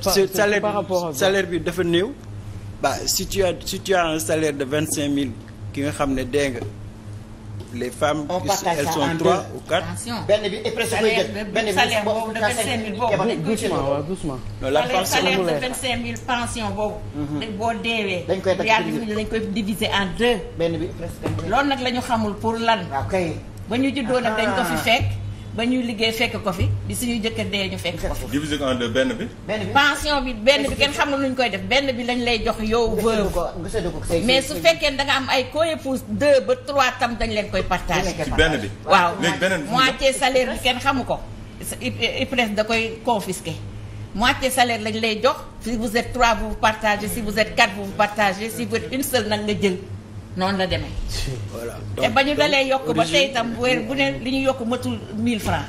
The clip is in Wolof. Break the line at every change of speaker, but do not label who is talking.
salaire salaire bi dafa néew bah situa tu as de vingt cinq mille ki nga xam ne dégg nga les femmes elles sont trois ou quatre benn bi salaire boobu de vingt cinq mille boobu doucement
waaw mhm. boo deewee yàlla dañ koy diviser en deux benn bi loolu nag lañu xamul pour lan ah, ba ñu juddoo nag dañ ko fi ah. fekk ba ñuy liggéey fekk ko fi bi suñu jëkkër dee ñu fekk ko fi.
divisé en deux en bi. benn
bi pension bi benn bi kenn xam na lu ñu koy def benn bi lañ lay jox yow. veuve mais su fekkee da nga am ay co-épouse deux ba trois tam dañ leen koy partagé. benn bi waaw léegi beneen moitié salaire bi kenn xamu ko. IPRES da koy confisqué. moitié salaire lañ lay jox si vous êtes trois vous partagez si vous êtes quatre vous partagez si vous êtes une seule nag nga jël. noon la demee. te ba ñu dalee yokk ba tey tam weer bu ne li ñu yokk matul 1000 francs